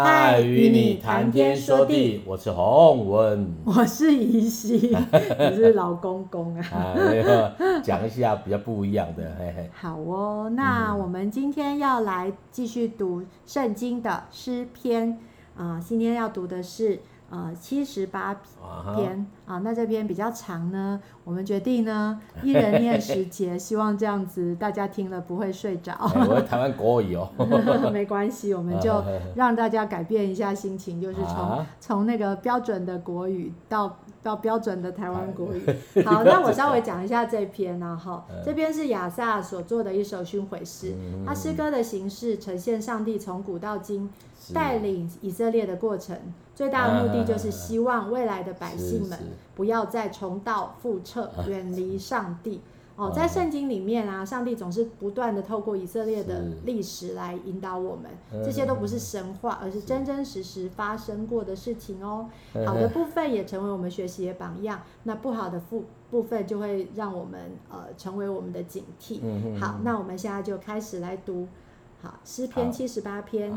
嗨，與你談天說地，說地我是洪文，我是怡心，你 是老公公啊， 啊哎、講一下比較不一樣的，嘿嘿。好哦，那我們今天要來繼續讀聖經的詩篇啊、嗯呃，今天要讀的是。呃，七十八篇、uh huh. 啊，那這篇比較長呢，我們決定呢，一人念十節， 希望這樣子大家聽了不會睡着。 hey, 台灣國語哦、喔， 沒關係，我們就讓大家改變一下心情，就是從從、uh huh. 那個標準的國語到到標準的台灣國語。Uh huh. 好，那我稍微講一下這一篇啊，哈、uh，huh. 這篇是亞薩所做的一首訓誨詩，他詩歌的形式呈現上帝從古到今帶領以色列的過程。最大的目的就是希望未來的百姓們不要再重蹈覆轍，遠離、啊、上帝。哦，在聖經裡面啊，上帝總是不斷的透過以色列的歷史來引導我們。是這些都不是神話，而是真真實實發生過的事情哦。是好的部分也成為我們學習的榜樣，那不好的部部分就會讓我們呃成為我們的警惕。嗯嗯好，那我們現在就開始來讀，好詩篇七十八篇。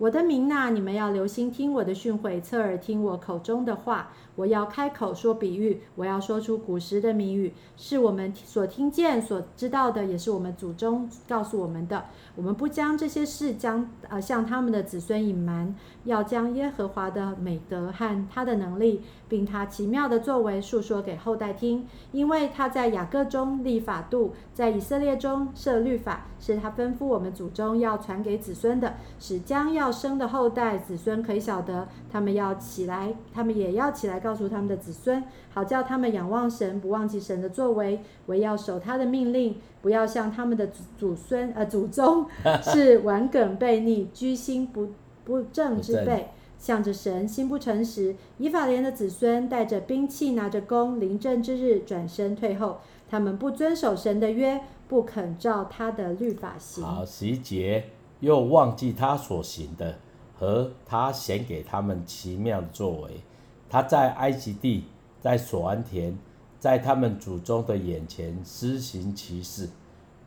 我的民哪，你們要留心聽我的訓誨，側耳聽我口中的話。我要開口說比喻，我要說出古時的謎語，是我們所聽見、所知道的，也是我們祖宗告訴我們的。我們不將這些事將呃向他們的子孫隱瞞。要將耶和華的美德和他的能力，並他奇妙的作為述說給後代聽，因為他在雅各中立法度，在以色列中設律法，是他吩咐我們祖宗要傳給子孫的，使將要生的後代子孫可以曉得，他們要起來，他們也要起來，告訴他們的子孫，好叫他們仰望神，不忘記神的作為，惟要守他的命令，不要像他們的祖、祖孫呃祖宗是頑梗悖逆，居心不。不正之輩，向着神心不誠實。以法蓮的子孫帶着兵器，拿着弓，臨陣之日轉身退後。他們不遵守神的約，不肯照他的律法行。好，細傑又忘記他所行的，和他顯給他們奇妙的作為。他在埃及地，在瑣安田，在他們祖宗的眼前施行奇事。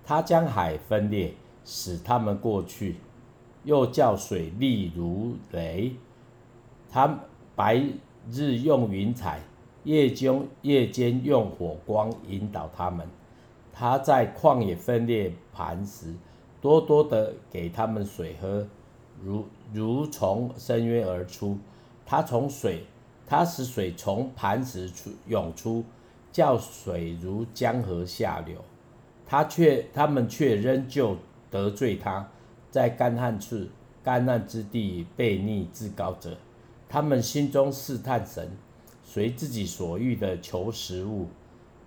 他將海分裂，使他們過去。又叫水立如雷，他白日用雲彩，夜間夜間用火光引導他們。他在曠野分裂磐石，多多的給他們水喝，如如從深淵而出。他從水，他使水從磐石出湧出，叫水如江河下流。他卻他們卻仍舊得罪他。在乾旱處乾旱之地悖逆至高者，他們心中試探神，隨自己所欲的求食物，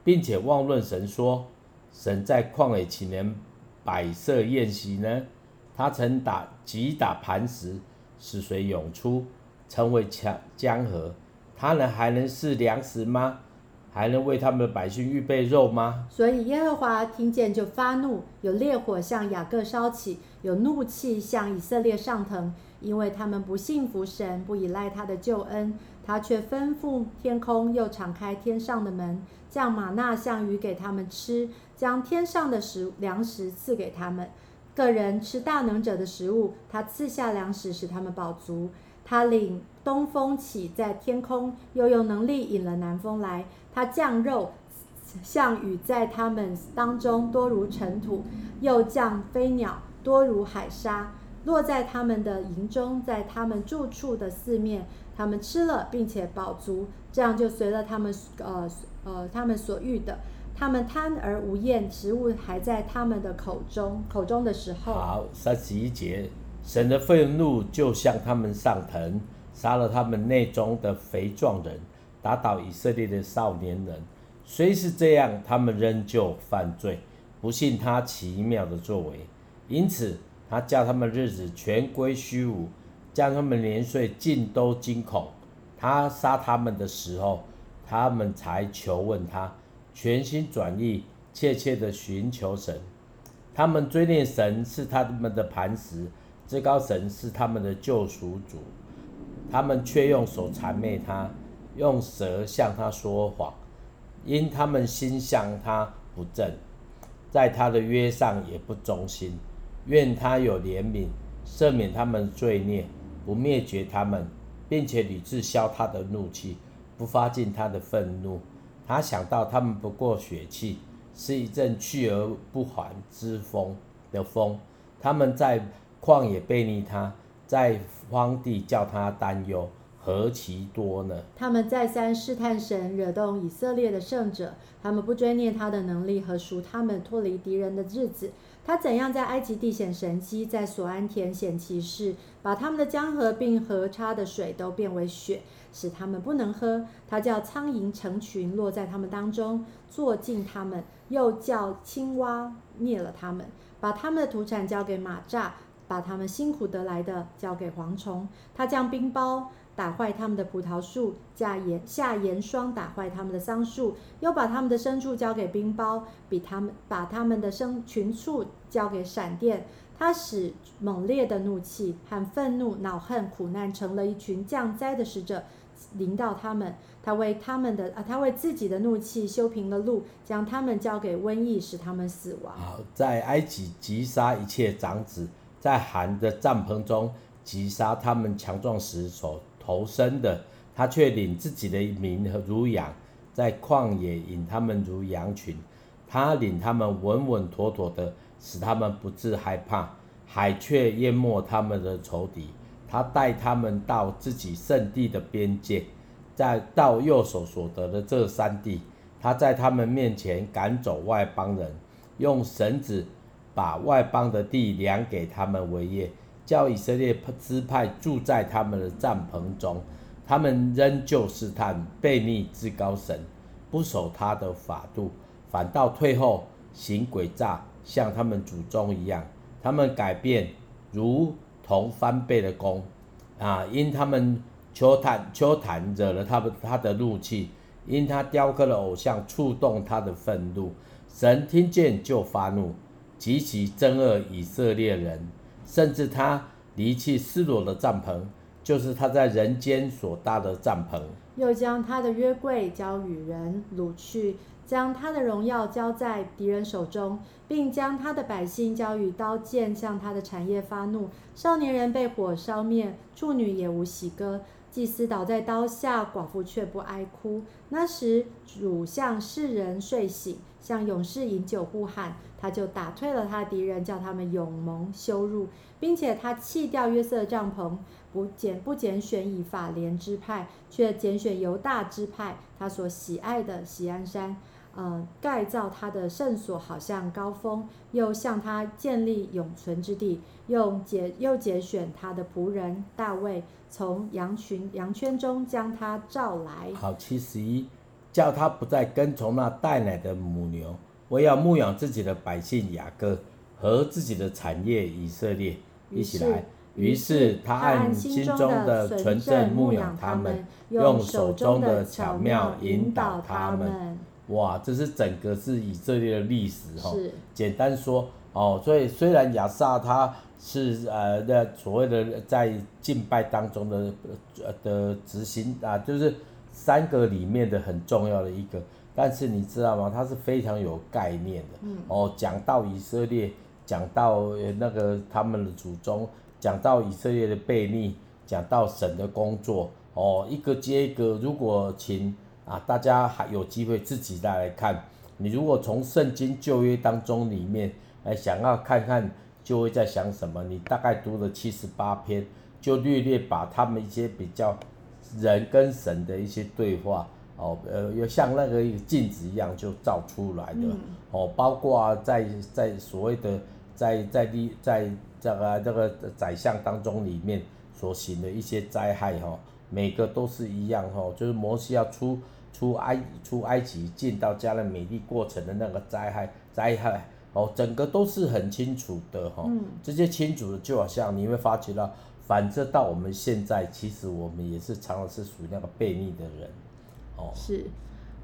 並且妄論神說：神在曠野豈能擺設筵席呢？他曾打，擊打磐石，使水湧出，成為強江河，他能還能賜糧食嗎？還能為他們的百姓預備肉嗎？所以耶和華聽見就發怒，有烈火向雅各燒起，有怒氣向以色列上騰，因為他們不信服神，不倚賴他的救恩。他卻吩咐天空，又敞開天上的門，將嗎哪像雨給他們吃，將天上的食糧食賜給他們。各人吃大能者的食物，他賜下糧食使他們飽足。他領東風起在天空，又用能力引了南風來。他降肉，像雨在他們當中多如塵土，又降飛鳥多如海沙，落在他們的營中，在他們住處的四面，他們吃了並且飽足，這樣就隨了他們呃呃他們所欲的，他們貪而無厭，食物還在他們的口中口中的時候。好，三十一節，神的憤怒就向他們上騰，殺了他們內中的肥壯人。打倒以色列的少年人，雖是這樣，他們仍舊犯罪，不信他奇妙的作為。因此，他叫他們日子全歸虛無，將他們年歲盡都驚恐。他殺他們的時候，他們才求問他，全心轉意，切切的尋求神。他們追念神是他們的磐石，至高神是他們的救贖主，他們卻用手諂媚他。用舌向他說謊，因他們心向他不正，在他的約上也不忠心。願他有憐憫，赦免他們罪孽，不滅絕他們，並且屢次消他的怒氣，不發盡他的憤怒。他想到他們不過血氣，是一陣去而不還之風的風。他們在曠野悖逆他，在荒地叫他擔憂何其多呢？他們再三試探神，惹動以色列的聖者。他們不追念他的能力和贖他們脫離敵人的日子。他怎樣在埃及地顯神蹟，在索安田顯奇事，把他們的江河並河叉的水都變為血，使他們不能喝。他叫蒼蠅成群落在他們當中，坐盡他們；又叫青蛙滅了他們，把他們的土產交給螞蚱，把他們辛苦得來的交給蝗蟲。他降冰雹。打壞他們的葡萄樹，下嚴下嚴霜，打壞他們的桑樹，又把他們的牲畜交給冰雹，比他們把他們的牲群畜交給閃電。他使猛烈的怒氣和憤怒、惱恨、苦難成了一群降災的使者，臨到他們。他為他們的啊，他為自己的怒氣修平了路，將他們交給瘟疫，使他們死亡。好在埃及，擊殺一切長子，在含的帳棚中，擊殺他們強壯時所頭生的，他卻領自己的民如羊，在曠野引他們如羊群；他領他們穩穩妥妥的，使他們不致害怕。海卻淹沒他們的仇敵。他帶他們到自己聖地的邊界，再到右手所得的這山地，他在他們面前趕走外邦人，用繩子把外邦的地量給他們為業。叫以色列支派住在他們的帳棚中，他們仍舊試探悖逆至高神，不守他的法度，反倒退後行詭詐，像他們祖宗一樣。他們改變，如同翻背的弓。啊！因他們邱壇邱壇惹了他們他的怒氣，因他雕刻了偶像觸動他的憤怒，神聽見就發怒，極其憎惡以色列人。甚至他離棄示羅的帳篷，就是他在人間所搭的帳篷。又將他的約櫃交與人擄去，將他的榮耀交在敵人手中，並將他的百姓交與刀劍，向他的產業發怒。少年人被火燒滅，處女也無喜歌，祭司倒在刀下，寡婦卻不哀哭。那時主向世人睡醒，向勇士飲酒呼喊。他就打退了他的敵人，叫他們永蒙羞辱，並且他棄掉約瑟帳篷，不揀不揀選以法蓮支派，卻揀選猶大支派。他所喜愛的錫安山，呃，蓋造他的聖所，好像高峰，又向他建立永存之地。又揀又揀選他的僕人大衛，從羊群羊圈中將他召來。好，七十一，叫他不再跟從那帶來的母牛。我要牧養自己的百姓雅各和自己的產業以色列一起來。於是，於是他按心中的純正牧養他們，用手中的巧妙引導他們。哇，這是整個是以色列的歷史哦。是。簡單說哦，所以雖然亞薩他是呃的所謂的在敬拜當中的、呃、的執行啊、呃，就是三個裡面的很重要的一個。但是你知道嗎？他是非常有概念的。嗯、哦，講到以色列，講到那個他們的祖宗，講到以色列的悖逆，講到神的工作，哦，一個接一個。如果請啊，大家還有機會自己再來看。你如果從聖經舊約當中裡面來、欸、想要看看，就會在想什麼？你大概讀了七十八篇，就略略把他們一些比較人跟神的一些對話。哦，呃，又像那個鏡子一樣就照出來的，嗯、哦，包括在在所謂的在在地在這個這、那個宰相當中裡面所行的一些災害哈、哦，每個都是一樣哈、哦，就是摩西要出出埃出埃及進到迦南美地過程的那個災害災害，哦，整個都是很清楚的哈，哦嗯、這些清楚的就好像你會發覺到，反正到我們現在其實我們也是常常是屬於那個悖逆的人。是，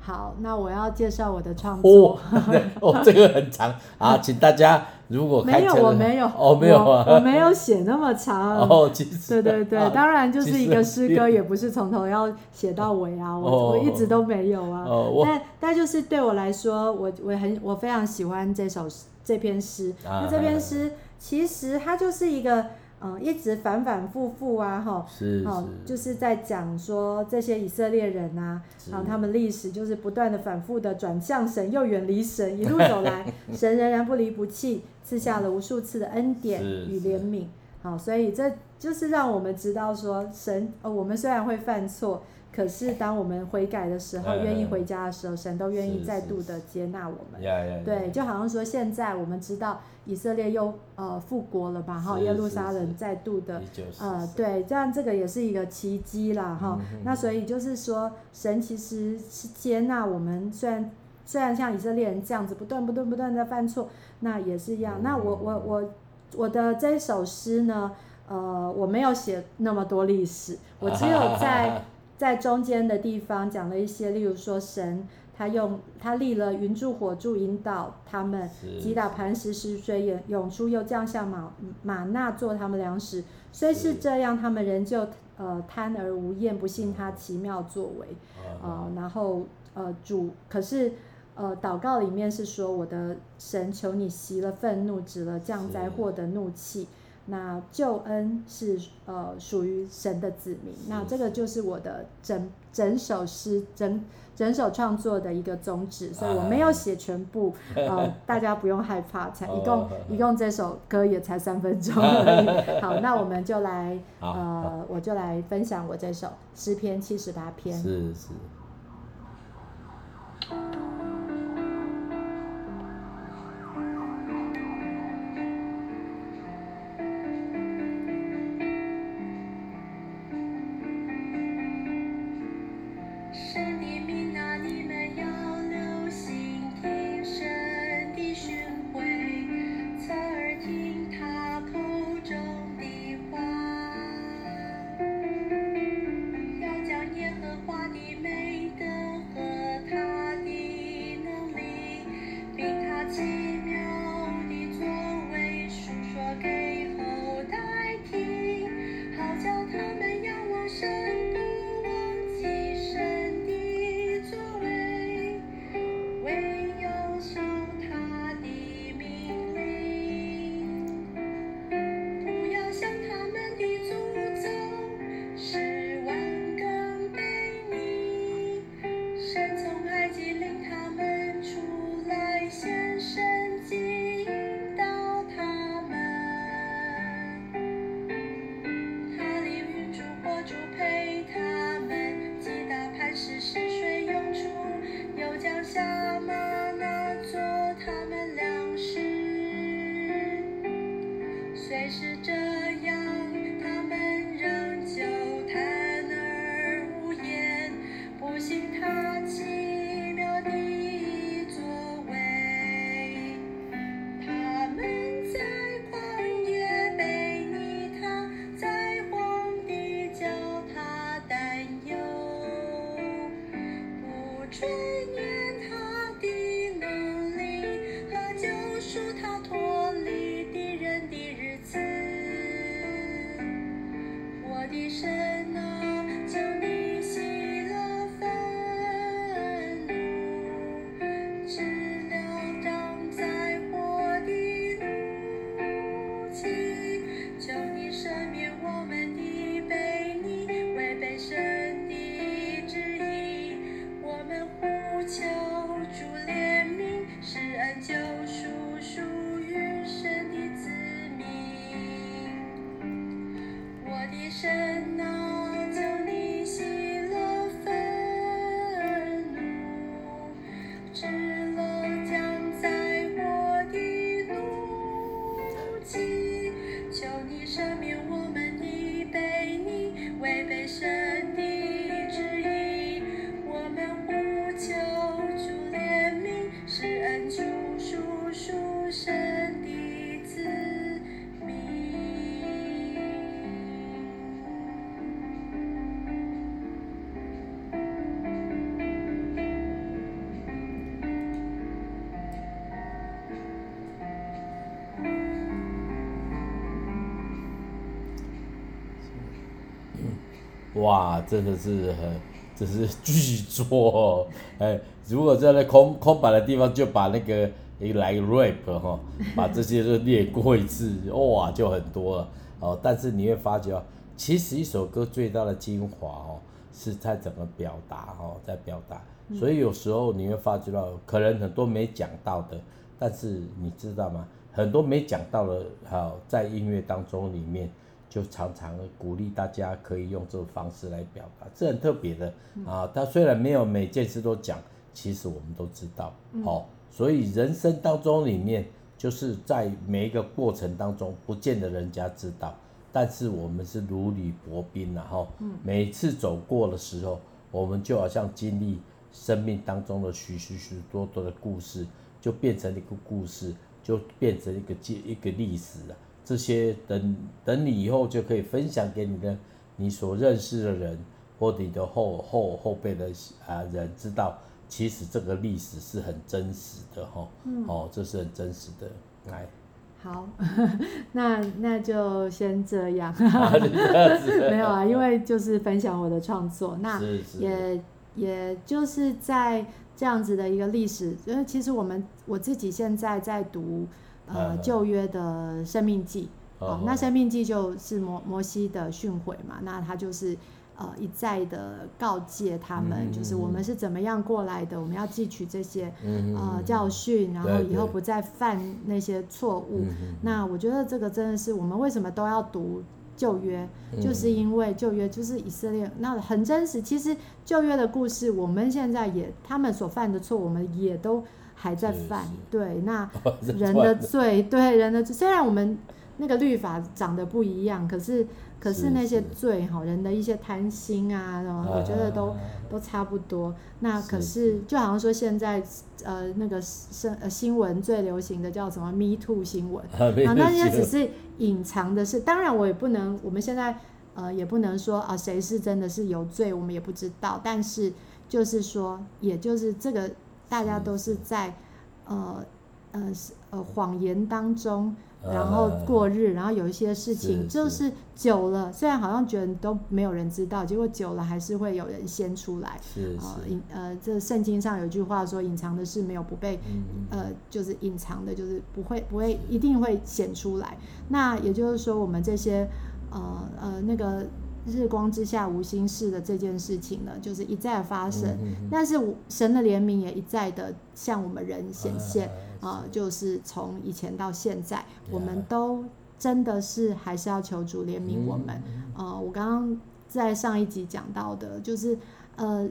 好，那我要介紹我的創作。哦，這個很長啊，請大家如果沒有，我沒有，我沒有，我沒有寫那麼長。哦，其實。對對對，當然就是一個詩歌，也不是從頭要寫到尾啊，我我一直都沒有啊。但但就是對我來說，我我很我非常喜歡這首詩這篇詩。那這篇詩其實它就是一個。嗯，一直反反复覆啊，吼、哦，是，是、哦、就是在講說這些以色列人啊，是然後他們歷史就是不斷的反覆的轉向神，又遠離神，一路走來， 神仍然不離不棄，賜下了無數次的恩典與憐憫，好是、哦，所以這就是讓我們知道說，神，呃、哦，我們雖然會犯錯，可是當我們悔改的時候，嗯、願意回家的時候，神都願意再度的接納我們，對，就好像說現在我們知道。以色列又呃復國了吧？哈，耶路撒冷再度的呃，94. 對，這樣這個也是一個奇蹟啦，哈。Mm hmm. 那所以就是說，神其實是接納我們，雖然雖然像以色列人這樣子不斷不斷不斷在犯錯，那也是一樣。Mm hmm. 那我我我我的這首詩呢，呃，我沒有寫那麼多歷史，我只有在 在中間的地方講了一些，例如說神。他用他立了雲柱火柱引導他們，擊是打磐石，石水湧湧出，又降下馬嗎哪做他們糧食。雖是這樣，他們仍舊呃貪而無厭，不信他奇妙作為啊。呃 uh huh. 然後呃主，可是呃禱告裡面是說：“我的神，求你息了憤怒，止了降災禍的怒氣。”那救恩是呃屬於神的子民，是是那這個就是我的整整首詩，整整首創作的一個宗旨，所以我沒有寫全部，啊、呃，呵呵大家不用害怕，才一共、哦、呵呵一共這首歌也才三分鐘而已，啊、好，那我們就來好呃，好我就來分享我這首詩篇七十八篇，是是。嗯哇，真的是很，這是巨作，哎、欸，如果在那空空白的地方，就把那個來、like、rap 哈，把這些都列過一次， 哇，就很多了，哦，但是你會發覺，其實一首歌最大的精華哦，是在怎麼表達哦，在表達，所以有時候你會發覺到，可能很多沒講到的，但是你知道嗎？很多沒講到的，好，在音樂當中裡面。就常常鼓勵大家可以用這種方式來表達，這很特別的啊。他雖然沒有每件事都講，其實我們都知道。好、嗯哦，所以人生當中裡面，就是在每一個過程當中，不見得人家知道，但是我們是如履薄冰然後、啊、哈。哦嗯、每次走過的時候，我們就好像經歷生命當中的許許許多多的故事，就變成一個故事，就變成一個記一個歷史、啊這些等等，等你以後就可以分享給你的你所認識的人，或你的後後後輩的啊人知道，其實這個歷史是很真實的哈，哦、嗯，這是很真實的。來，好，呵呵那那就先這樣，這樣 沒有啊，因為就是分享我的創作，那也是是也就是在這樣子的一個歷史，因為其實我們我自己現在在讀。嗯、呃，嗯、舊約的申命記，那申命記就是摩摩西的訓誨嘛，那他就是呃一再的告誡他們，嗯、哼就是我們是怎麼樣過來的，我們要汲取這些、嗯、哼呃、嗯、教訓，然後以後不再犯那些錯誤。那我覺得這個真的是我們為什麼都要讀。舊約就是因為舊約就是以色列，嗯、那很真實。其實舊約的故事，我們現在也他們所犯的錯，我們也都還在犯。是是，對，那人的罪，對人的罪。雖然我們。那個律法長得不一樣，可是可是那些罪，哈是人的一些貪心啊，什麼啊，我覺得都、啊、都差不多。那可是，是，是就好像說現在呃那個新新聞最流行的叫什麼 “Me Too” 新聞，啊那些只是隱藏的事，當然我也不能，我們現在呃也不能說啊誰是真的是有罪，我們也不知道。但是就是說，也就是這個大家都是在是是呃呃呃謊言當中。然後過日，啊、然後有一些事情就是，是，是久了，雖然好像覺得都沒有人知道，結果久了還是會有人先出來。是啊是，隱呃，呃，這聖經上有句話說：“隱藏的事沒有不被，嗯、呃，就是隱藏的，就是不會不會是一定會顯出來。”那也就是說，我們這些呃呃那個日光之下無心事的這件事情呢，就是一再發生，嗯、哼哼但是我神的憐憫也一再的向我們人顯現。啊啊、呃，就是從以前到現在，Yeah. 我們都真的是還是要求主憐憫我們。Mm hmm. 呃，我剛剛在上一集講到的，就是呃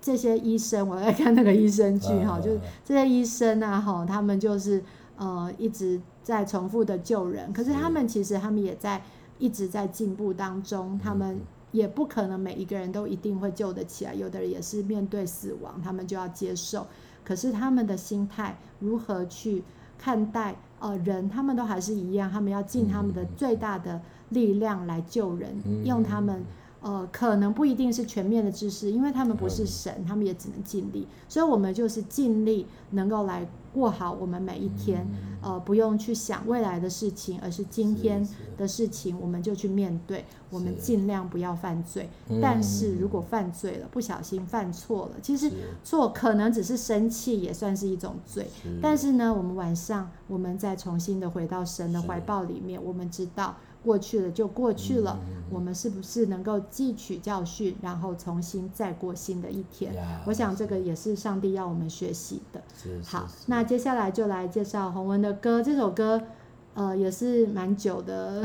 這些醫生，我在看那個醫生劇哈、mm hmm.，就是這些醫生啊，哈，他們就是呃一直在重複的救人，可是他們其實他們也在一直在進步當中，mm hmm. 他們也不可能每一個人都一定會救得起來，有的人也是面對死亡，他們就要接受。可是他們的心態如何去看待呃人，他們都還是一樣，他們要盡他們的最大的力量來救人，用他們呃可能不一定是全面的知識，因為他們不是神，他們也只能盡力，所以，我們就是盡力能夠來。過好我們每一天，嗯、呃，不用去想未來的事情，而是今天的事情，我們就去面對。是是我們盡量不要犯罪，是但是如果犯罪了，不小心犯錯了，其實錯是可能只是生氣也算是一種罪。是但是呢，我們晚上我們再重新的回到神的懷抱裡面，是我們知道，過去了就過去了，嗯嗯、我們是不是能夠汲取教訓，然後重新再過新的一天？Yeah, 我想這個也是上帝要我們學習的。是是好，是是那接下來就來介紹洪文的歌，這首歌呃也是蠻久的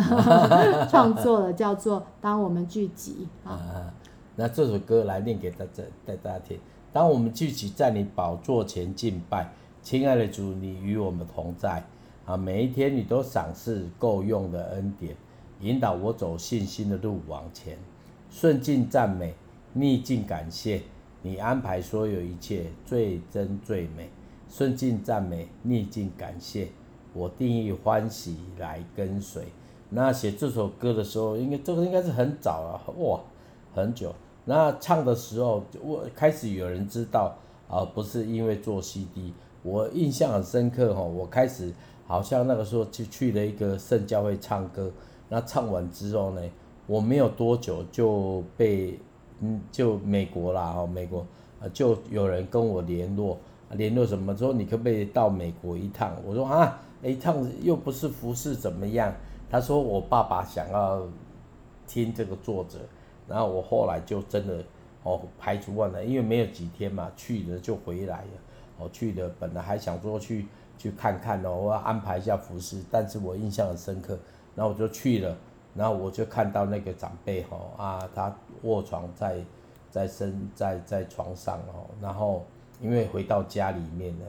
創 作了，叫做《當我們聚集》啊。那這首歌來念給大家，帶大家聽。當我們聚集在你寶座前敬拜，親愛的主，你與我們同在啊，每一天你都賞賜夠用的恩典。引導我走信心的路往前，順境讚美，逆境感謝，你安排所有一切最真最美。順境讚美，逆境感謝，我定義歡喜來跟隨。那寫這首歌的時候，應該這個應該是很早了、啊、哇，很久。那唱的時候，我開始有人知道，而、呃、不是因為做 CD。我印象很深刻齁，我開始好像那個時候就去了一個聖教會唱歌。那唱完之後呢？我沒有多久就被，嗯，就美國啦，哈，美國，就有人跟我聯絡，聯絡什麼時候，你可不可以到美國一趟？我說啊，一趟又不是服事怎麼樣？他說，我爸爸想要聽這個作者，然後我後來就真的，哦、喔，排除萬難，因為沒有幾天嘛，去了就回來了。哦、喔，去了本來還想說去去看看哦、喔，我要安排一下服事，但是我印象很深刻。那我就去了，然後我就看到那個長輩吼啊，他臥床在，在身在在床上哦，然後因為回到家裡面了，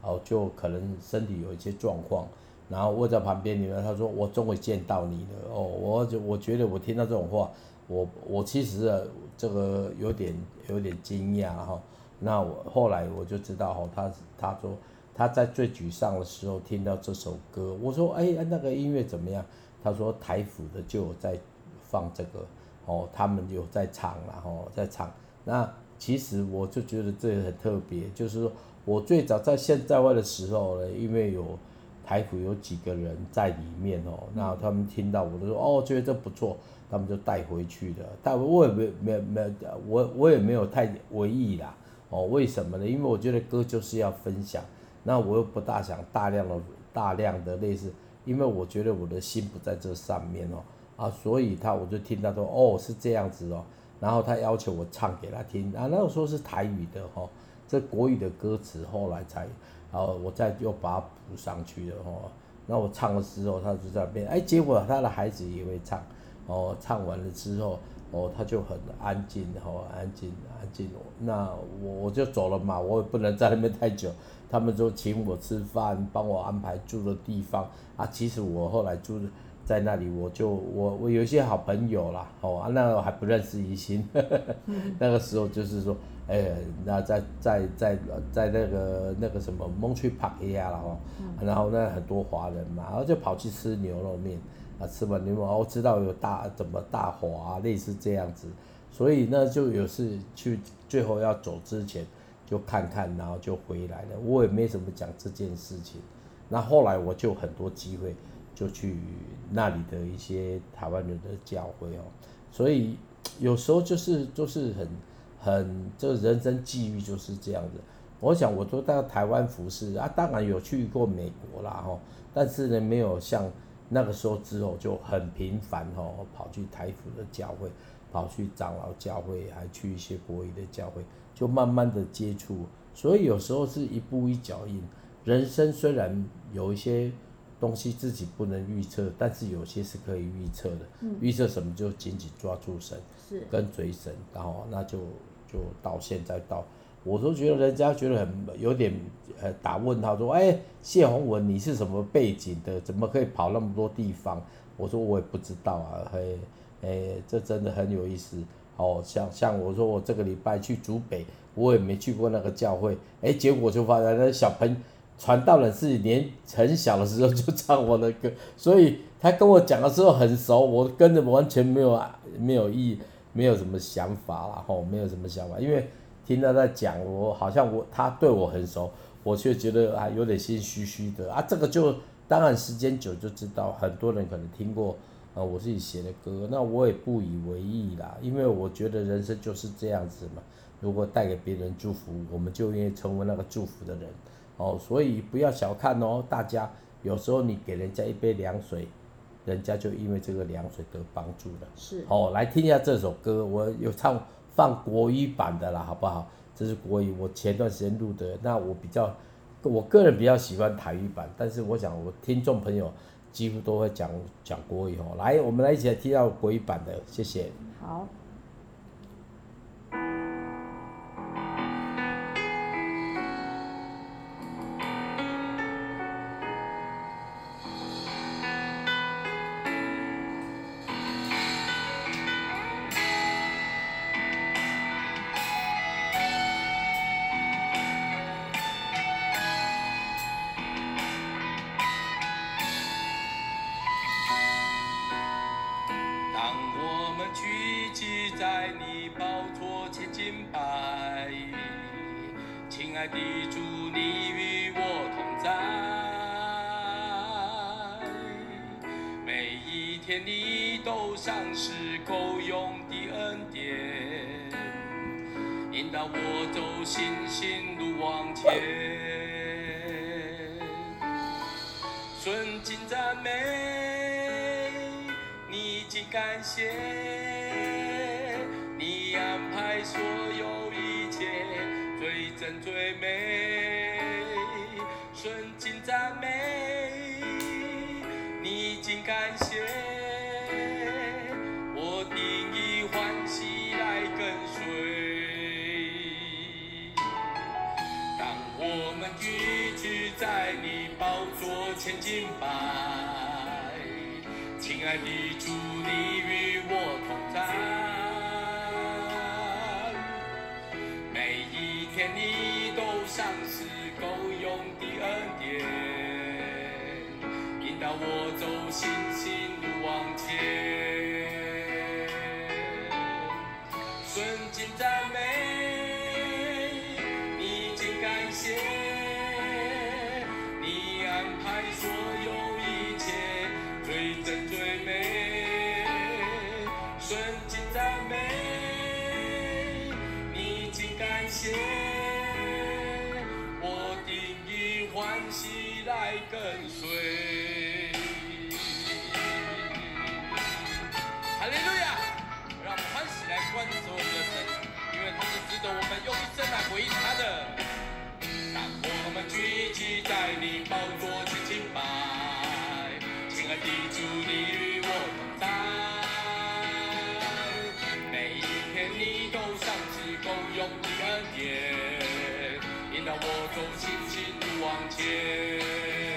吼，哦就可能身體有一些狀況，然後臥在旁邊裡面，他說我終於見到你了哦，我就我覺得我聽到這種話，我我其實啊這個有點有點驚訝哈，那我後來我就知道吼，他他說。他在最沮喪的時候聽到這首歌，我說：“哎，那個音樂怎麼樣？”他說：“台府的就有在放這個，哦，他們有在唱，哦、然後在唱。”那其實我就覺得這個很特別，就是說我最早在現在外的時候呢，因為有台府有幾個人在裡面哦，嗯、那他們聽到我就說：“哦，覺得這不錯。”他們就帶回去的，但我也沒沒有沒有，我我也沒有太為意啦，哦，為什麼呢？因為我覺得歌就是要分享。那我又不大想大量的、大量的類似，因為我覺得我的心不在這上面哦，啊，所以他我就聽他說，哦，是這樣子哦，然後他要求我唱給他聽，啊，那個時候是台語的哦，這國語的歌詞後來才，啊，然後我再又把它補上去的哦。那我唱了之後，他就在那邊，哎，結果他的孩子也會唱，哦，唱完了之後。哦，他就很安靜，吼、哦，安靜，安靜。那我我就走了嘛，我也不能在那邊太久。他們就請我吃飯，幫我安排住的地方。啊，其實我後來住在那裡，我就我我有一些好朋友啦，吼、哦，啊，那我還不認識宜興。 那個時候就是說，哎，那在在在在，在那個那個什麼 Monterey Park 然後那很多華人嘛，然後就跑去吃牛肉麵。啊，是嗎？你們知道有大怎麼大火啊，類似這樣子，所以呢就有事去，最後要走之前就看看，然後就回來了。我也沒什麼講這件事情。那後來我就很多機會就去那裡的一些台灣人的教會哦，所以有時候就是就是很很這人生際遇就是這樣子。我想我都在台灣服侍啊，當然有去過美國啦吼，但是呢沒有像。那個時候之後就很頻繁哦，跑去台府的教會，跑去長老教會，還去一些國語的教會，就慢慢的接觸。所以有時候是一步一腳印。人生雖然有一些東西自己不能預測，但是有些是可以預測的。嗯，預測什麼，就緊緊抓住神，跟隨神，是然後那就就到現在到，我都覺得人家覺得很有點，呃，打問號說：“哎、欸，謝宏文，你是什麼背景的？怎麼可以跑那麼多地方？”我說：“我也不知道啊。”嘿，哎、欸，這真的很有意思哦。像像我說，我這個禮拜去竹北，我也沒去過那個教會。哎、欸，結果就發現那小朋傳道人是年很小的時候就唱我的歌，所以他跟我講的時候很熟，我跟着完全沒有啊，沒有意義，沒有什麼想法然、啊、後、哦、沒有什麼想法，因為。聽他在講，我好像我他對我很熟，我卻覺得啊有點心虛虛的啊。這個就當然時間久就知道，很多人可能聽過啊、呃、我自己寫的歌，那我也不以為意啦，因為我覺得人生就是這樣子嘛。如果帶給別人祝福，我們就願意成為那個祝福的人哦。所以不要小看哦，大家有時候你給人家一杯涼水，人家就因為這個涼水得幫助了。是哦，來聽一下這首歌，我有唱。放國語版的啦，好不好？這是國語，我前段時間錄的。那我比較，我個人比較喜歡台語版，但是我想，我聽眾朋友幾乎都會講講國語齁。來，我們來一起來聽到國語版的，謝謝。好。上是夠用的恩典，引導我走信心路往前。純情讚美，你的感謝，你安排所有一切最真最美。親愛的，祝你與我同在。點、yeah, 引導我走，輕輕往前。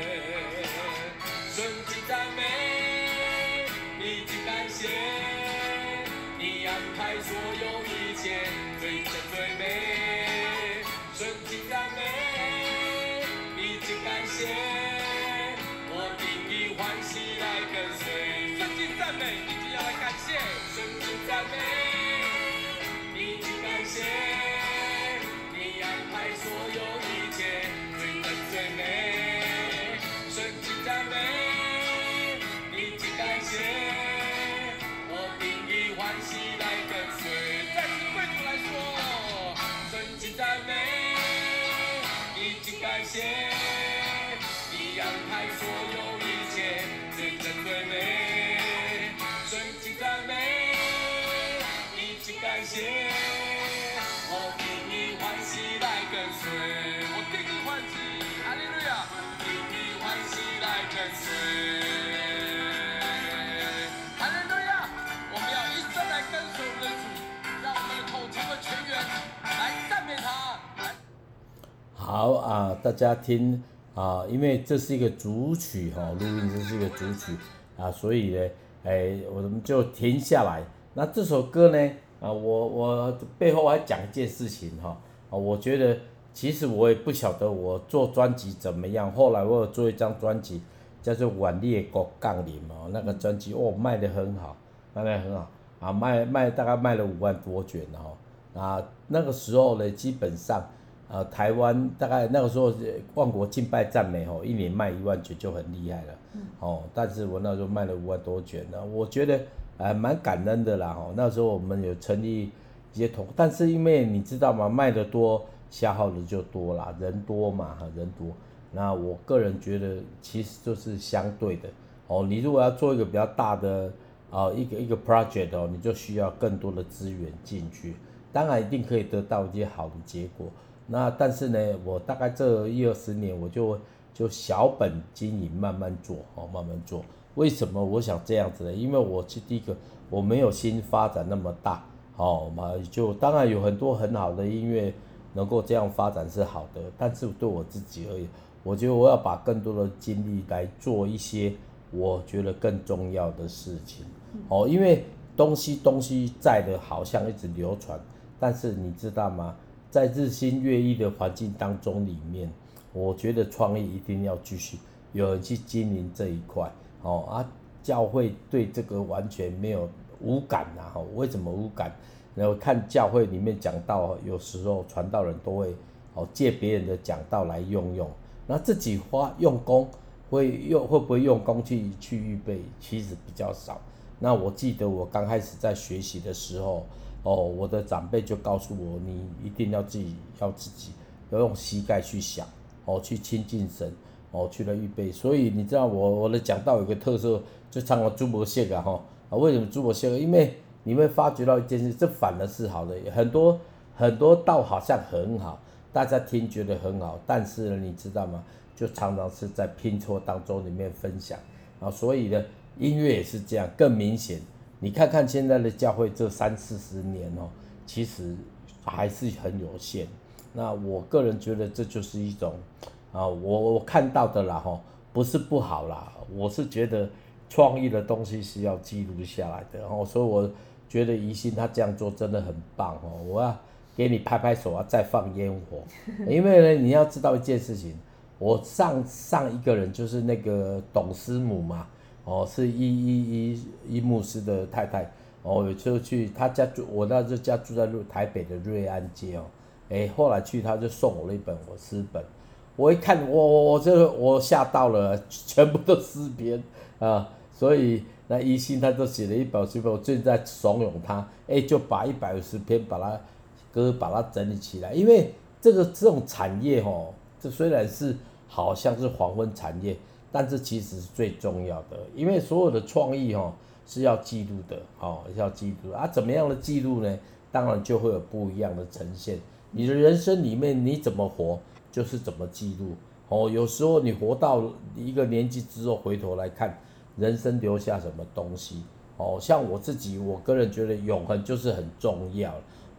是，我們要一生來跟隨我們的主，讓我們的口工的群員來讚美他。好啊，大家聽啊，因為這是一個組曲哈，錄音這是一個組曲啊，所以呢，哎、欸，我們就停下來。那這首歌呢，啊，我我背後還講一件事情哈，啊，我覺得其實我也不曉得我做專輯怎麼樣，後來我有做一張專輯。叫做《萬裂的槓槓鈴嘛，那個專輯哦賣得很好，賣得很好啊，賣賣大概賣了五萬多卷哦。啊，那個時候呢，基本上啊、呃，台灣大概那個時候萬國敬拜讚美哦，一年賣一萬卷就很厲害了。嗯。哦，但是我那時候賣了五萬多卷呢，我覺得還蠻感恩的啦。哦，那時候我們有成立一些同，但是因為你知道嗎？賣得多，消耗的就多啦，人多嘛，哈，人多。那我個人覺得，其實就是相對的哦。你如果要做一個比較大的啊、哦，一個一個 project 哦，你就需要更多的資源進去，當然一定可以得到一些好的結果。那但是呢，我大概這一二十年，我就就小本經營，慢慢做哦，慢慢做。為什麼我想這樣子呢？因為我是第一個，我沒有心發展那麼大哦，嘛就當然有很多很好的音樂能夠這樣發展是好的，但是對我自己而言，我覺得我要把更多的精力來做一些我覺得更重要的事情。哦，因為東西東西在的好像一直流傳，但是你知道嗎？在日新月異的環境當中裡面，我覺得創意一定要繼續有人去經營這一塊。哦啊，教會對這個完全沒有無感吶。哦，為什麼無感？然後看教會裡面講到，有時候傳道人都會哦借別人的講道來用用。那自己花用功，會用會不會用功去去預備，其實比較少。那我記得我剛開始在學習的時候，哦，我的長輩就告訴我，你一定要自己要自己要用膝蓋去想，哦，去親近神，哦，去來預備。所以你知道我我的講道有個特色，就唱我朱摩憲噶哈啊？為什麼朱摩憲？因為你會發覺到一件事，這反而是好的，很多很多道好像很好。大家聽覺得很好，但是呢，你知道嗎？就常常是在拼錯當中裡面分享，啊，所以呢，音樂也是這樣，更明顯。你看看現在的教會這三四十年哦，其實還是很有限。那我個人覺得這就是一種，啊，我我看到的啦，吼，不是不好啦，我是覺得創意的東西是要記錄下來的哦，然後所以我覺得宜興他這樣做真的很棒哦，我、啊。給你拍拍手啊，再放煙火，因為呢，你要知道一件事情，我上上一個人就是那個董師母嘛，哦，是一一一依牧師的太太，哦，有時候去他家住，我那時候家住在台北的瑞安街哦，哎，後來去他就送我了一本我詩本，我一看，我我我這我嚇到了，全部都詩篇啊、呃，所以那一心他就寫了一百五十篇，我正在慫恿他，哎，就把一百五十篇把它。哥，哥把它整理起來，因為這個這種產業吼、哦，這雖然是好像是黃昏產業，但是其實是最重要的，因為所有的創意吼、哦、是要記錄的哦，要記錄啊，怎麼樣的記錄呢？當然就會有不一樣的呈現。你的人生裡面，你怎麼活，就是怎麼記錄哦。有時候你活到一個年紀之後，回頭來看人生留下什麼東西哦，像我自己，我個人覺得永恆就是很重要。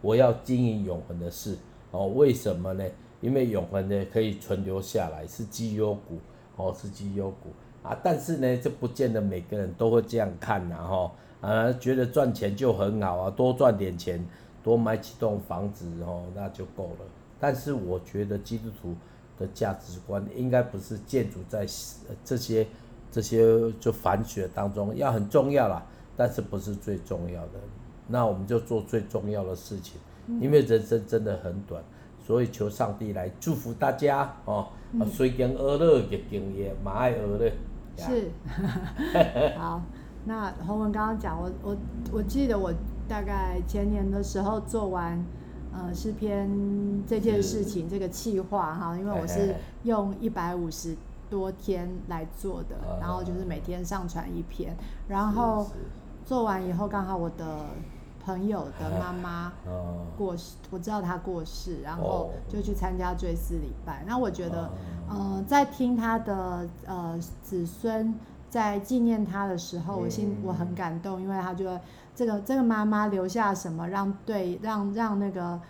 我要經營永恆的事，哦，為什麼呢？因為永恆呢可以存留下來，是績優股，哦，是績優股啊。但是呢，這不見得每個人都會這樣看吶、啊，哈、哦，啊，覺得賺錢就很好啊，多賺點錢，多買幾棟房子，哦，那就夠了。但是我覺得基督徒的價值觀應該不是建築在這些這些就繁學當中，要很重要啦，但是不是最重要的。那我們就做最重要的事情，因為人生真的很短，嗯、所以求上帝來祝福大家哦，隨緣阿樂，結經業，馬愛阿樂。是，來 好。那洪文剛剛講，我我我記得我大概前年的時候做完、呃、詩篇這件事情是這個計劃哈，因為我是用一百五十多天來做的，哎哎然後就是每天上傳一篇，嗯、然後做完以後剛好我的。朋友的媽媽過世，啊、我知道她過世，然後就去參加追思禮拜。那我覺得，嗯、啊呃，在聽她的呃子孫在紀念她的時候，嗯、我心我很感動，因為她覺得這個這個媽媽留下什麼讓對讓讓那個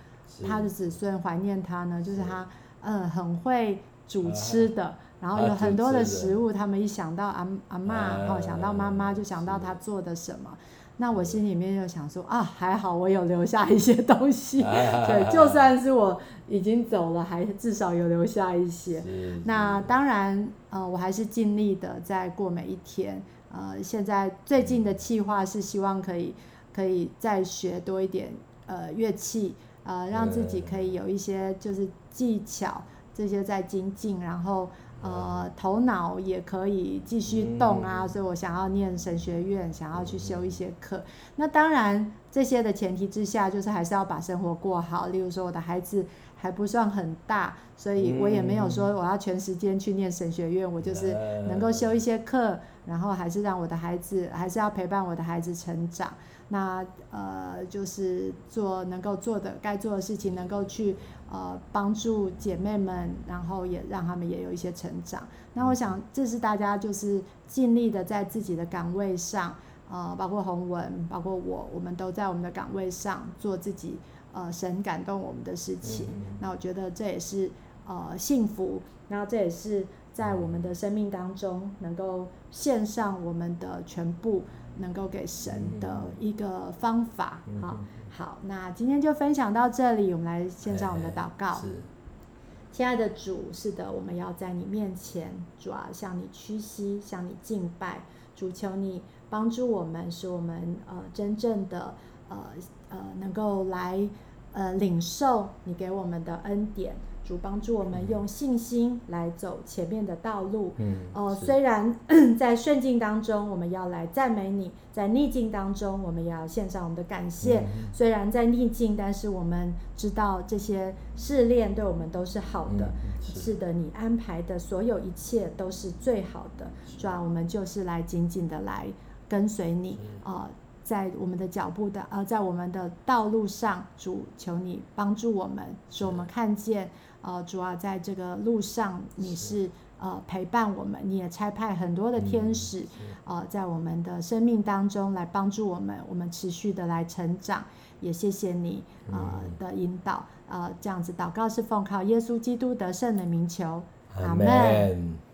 她的子孫懷念她呢？就是她嗯、呃、很會煮吃的，啊、然後有很多的食物，啊、他們一想到阿阿嬤哦，啊啊、想到媽媽就想到她做的什麼。那我心裡面就想說啊，還好我有留下一些東西，啊、對，啊、就算是我已經走了，還至少有留下一些。那當然，呃，我還是盡力的在過每一天。呃，現在最近的計劃是希望可以可以再學多一點呃樂器，呃，讓自己可以有一些就是技巧這些在精進，然後。呃，頭腦也可以繼續動啊，所以我想要念神學院，想要去修一些課。那當然，這些的前提之下，就是還是要把生活過好。例如說，我的孩子還不算很大，所以我也沒有說我要全時間去念神學院，我就是能夠修一些課，然後還是讓我的孩子，還是要陪伴我的孩子成長。那呃，就是做能夠做的、該做的事情，能夠去。呃，幫助姐妹們，然後也讓他們也有一些成長。那我想，這是大家就是盡力的在自己的崗位上，呃，包括洪文，包括我，我們都在我們的崗位上做自己，呃，神感動我們的事情。嗯嗯，那我覺得這也是，呃，幸福，那這也是在我們的生命當中能夠獻上我們的全部，能夠給神的一個方法嗯嗯啊。好，那今天就分享到這裡。我們來獻上我們的禱告。哎哎，親愛的主，是的，我們要在你面前，主啊，向你屈膝，向你敬拜。主求你幫助我們，使我們呃真正的呃呃能夠來呃領受你給我們的恩典。主幫助我們用信心來走前面的道路，嗯，哦、呃，是雖然在順境當中，我們要來讚美你；在逆境當中，我們也要獻上我們的感謝。嗯、雖然在逆境，但是我們知道這些試煉對我們都是好的。是、嗯、的，是你安排的所有一切都是最好的。是主啊，我們就是來緊緊的來跟隨你，啊是、呃，在我們的腳步的，啊、呃，在我們的道路上，主，求你幫助我們，使我們看見。呃，主要、啊、在這個路上，你是，是呃陪伴我們，你也差派很多的天使，嗯、呃，在我們的生命當中來幫助我們，我們持續的來成長，也謝謝你呃、嗯、的引導，呃，這樣子，禱告是奉靠耶穌基督得勝的名求，阿門 Amen。